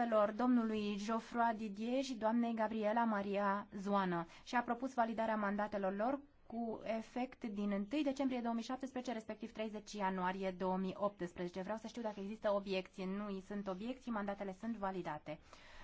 echipelor domnului Geoffroy Didier și doamnei Gabriela Maria Zoană și a propus validarea mandatelor lor cu efect din 1 decembrie 2017, respectiv 30 ianuarie 2018. Vreau să știu dacă există obiecții. Nu sunt obiecții, mandatele sunt validate.